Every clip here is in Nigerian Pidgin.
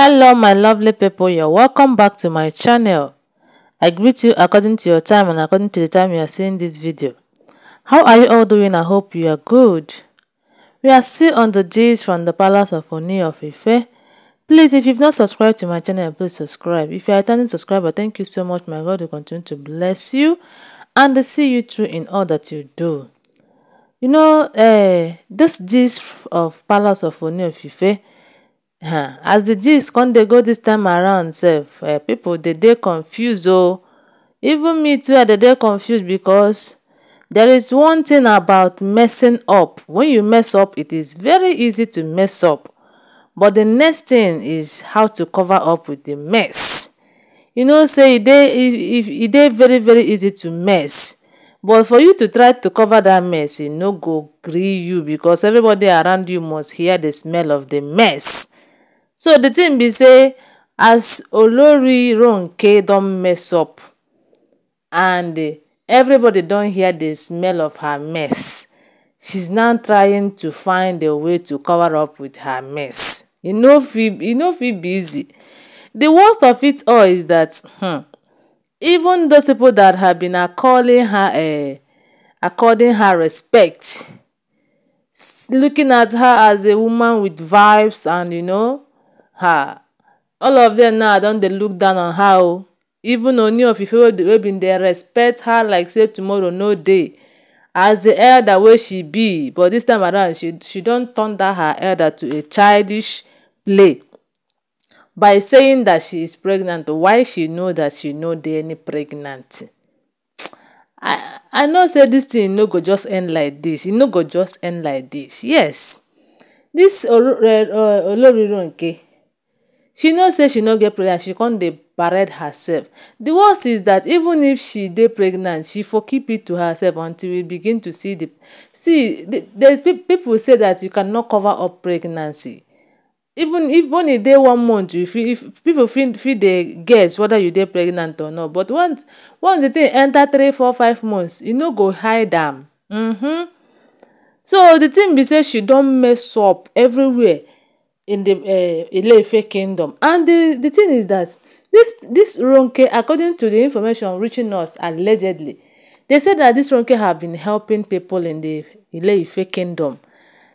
hello my lovely people you're welcome back to my channel i greet you according to your time and according to the time you are seeing this video how are you all doing i hope you are good we are still on the days from the palace of oni of ife please if you've not subscribed to my channel please subscribe if you are a turning subscriber thank you so much my god will continue to bless you and see you through in all that you do you know uh, this gist of palace of oni of ife as the gist con dey go this time around sef eh, pipo dey dey confused o oh. even me too i dey dey confused because there is one thing about messing up when you mess up it is very easy to mess up but the next thing is how to cover up with the mess you know say e dey very very easy to mess but for you to try to cover that mess e no go gree you because everybody around you must hear the smell of the mess so the thing be say as Olori don't mess up and everybody don't hear the smell of her mess she's now trying to find a way to cover up with her mess e you know feel busy. The worst of it all is that hmm, even those people that have been calling her eh, according her respect looking at her as a woman with vibes and you know um all of them now don dey look down on her oo oh. even oni of ife wey bin dey respect her like say tomorrow no dey as di elder wey she be but this time around she she don turn that her elder to a childish play by saying that she is pregnant why she know that she no dey any pregnant i i know say this thing no go just end like this. e no go just end like this. yes this dis uh, oloriro okay she know say she no get pregnant she come dey parade herself the worst is that even if she dey pregnant she for keep it to herself until we begin to see the see There's people say that you cannot cover up pregnancy even if only e dey one month you if people fit feel they guess whether you dey pregnant or not but once once the thing enter three four five months you no go hide am. Mm -hmm. so the thing be say she don mess up everywhere in the uh, eh, Ilefe kingdom. And the, the thing is that this, this Ronke, according to the information reaching us allegedly, they said that this Ronke have been helping people in the Ileife kingdom.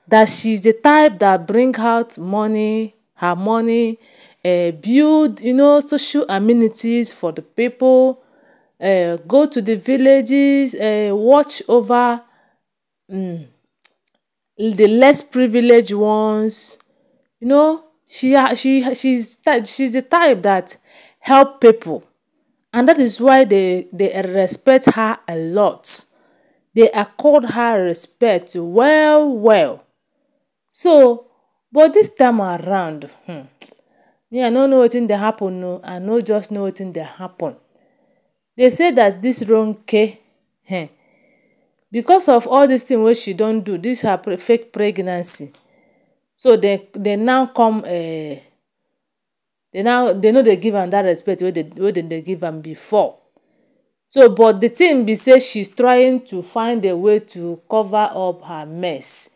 That she's the type that bring out money, her money, uh, build, you know, social amenities for the people, uh, go to the villages, uh, watch over um, the less privileged ones, you know, she she she's she's the type that help people, and that is why they they respect her a lot. They accord her respect well, well. So, but this time around, hmm, yeah, I no know wetin dey happen no, I know, just know wetin dey happen. They say that this wrong hmm, because of all this thing what she don't do, this her fake pregnancy. so dem dem now come dem eh, now dem no dey give am dat respect wey dem dey give am before so but di tin be say shes trying to find a way to cover up her mess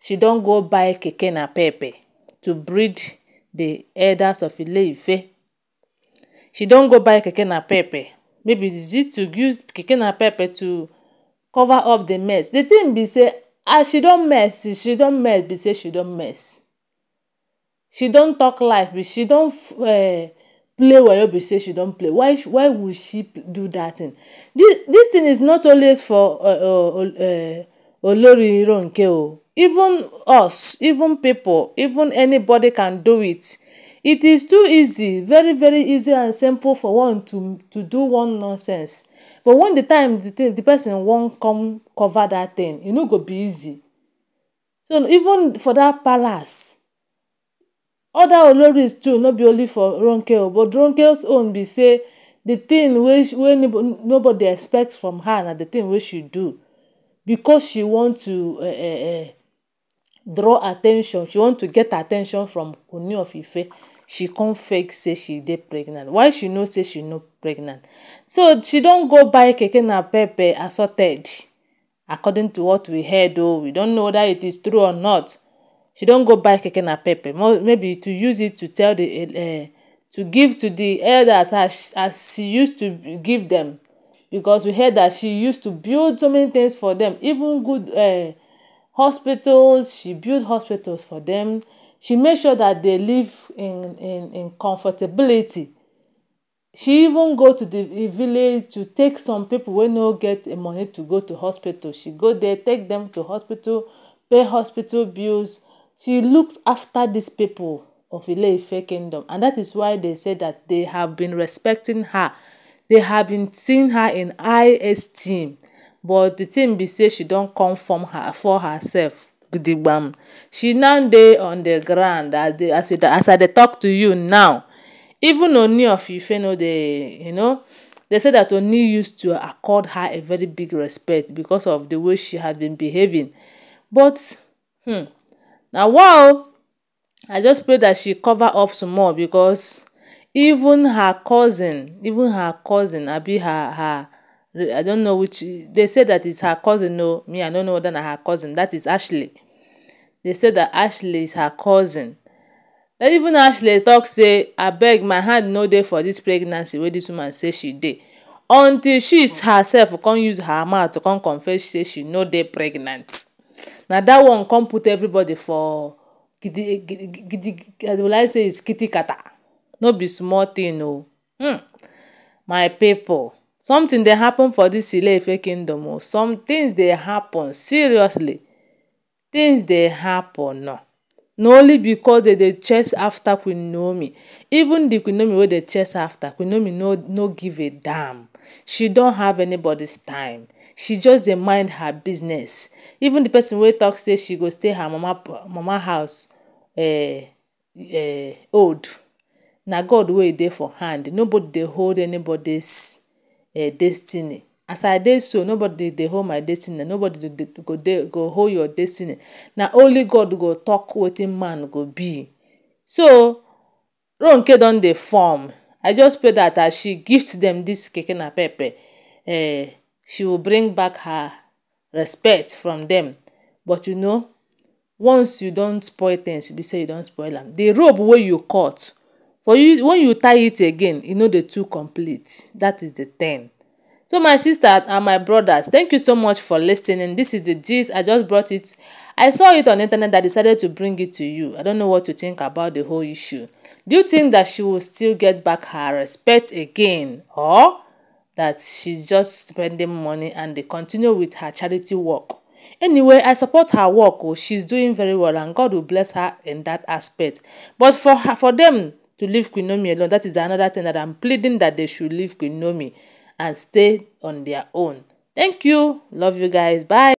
she don go buy keke na pepe to breed di elders of ileife she don go buy keke na pepe maybe it to use keke na pepe to cover up di mess di tin be say. as she don mess she don mess be say she don mess she don talk life be she don um eh, play wayo be say she don play why why would she do that thing this this thing is not only for uh, eh, uh, eh, uh ironke o even us even people even anybody can do it it is too easy very very easy and simple for one to to do one nonsense but when the time the thing the person wan come cover that thing e no go be easy so even for that palace other oloris too no be only for ronke o but ronke's own be say the thing wey wey nobody expect from her na the thing wey she do because she want to uh, uh, uh, draw attention she want to get attention from Ooni of Ife she come fake say she dey pregnant why she know say she no pregnant so she don go buy keke napep assorted according to what we heard o oh. we don know whether it is true or not she don go buy keke napep maybe to use it to tell the uh, to give to the elders as as she used to give them because we heard that she used to build so many things for them even good uh, hospitals she build hospitals for them she make sure that they live in, in, in comfortability she even go to the village to take some people when no get money to go to hospital she go there take them to hospital pay hospital bills she looks after these people of Ile-Ife kingdom and that is why they say that they have been respecting her they have been seeing her in high esteem but the thing be say she don't come form her for herself gidigbam she now dey on the ground as they as as i dey talk to you now even oni of ife no dey know they say that oni used to accord her a very big respect because of the way she had been behaving but hmm. na wa i just pray that she cover up small because even her cousin even her cousin abi her her i don't know which they say that is her cousin No, me i don't know whether na her cousin that is ashley dey say that ashley is her cousin den even ashley tok say abeg my hand no dey for this pregnancy wey this woman say she dey until she herself come use her mouth to come confess say she no dey pregnant na that one come put everybody for gidi gidi i go like say is kitikata no be small thing o oh. hmm my people, something dey happen for dis ileife kingdom o oh. some things dey happen seriously things dey happen na na only because dey dey afta after kwinoomi even queen kwinoomi wey dey chase after kwinoomi no no give a damn she don have anybody's time she just dey mind her business even di person wey tok say she go stay her mama house eh, eh, old na god wey e dey for hand nobody dey hold anybody eh, destiny. as i dey so nobody dey hold my destiny nobody go dey go hold your destiny na only god go talk wetin man go be so ronke don dey form i just pray that as she gift them this keke na pepper eh, she will bring back her respect from them. but you know once you don't spoil things be say you don't spoil them. the rope wey you caught. for you when you tie it again you e know the two complete that is the ten so my sister and my brothers thank you so much for listening this is the gist i just brought it i saw it on internet i decided to bring it to you i don't know what to think about the whole issue do you think that she will still get back her respect again or that she's just spending money and they continue with her charity work anyway i support her work oh she's doing very well and god will bless her in that aspect but for her for them to leave Queen Naomi alone that is another thing that i'm pleading that they should leave Queen Naomi and stay on their own. Thank you. Love you guys. Bye.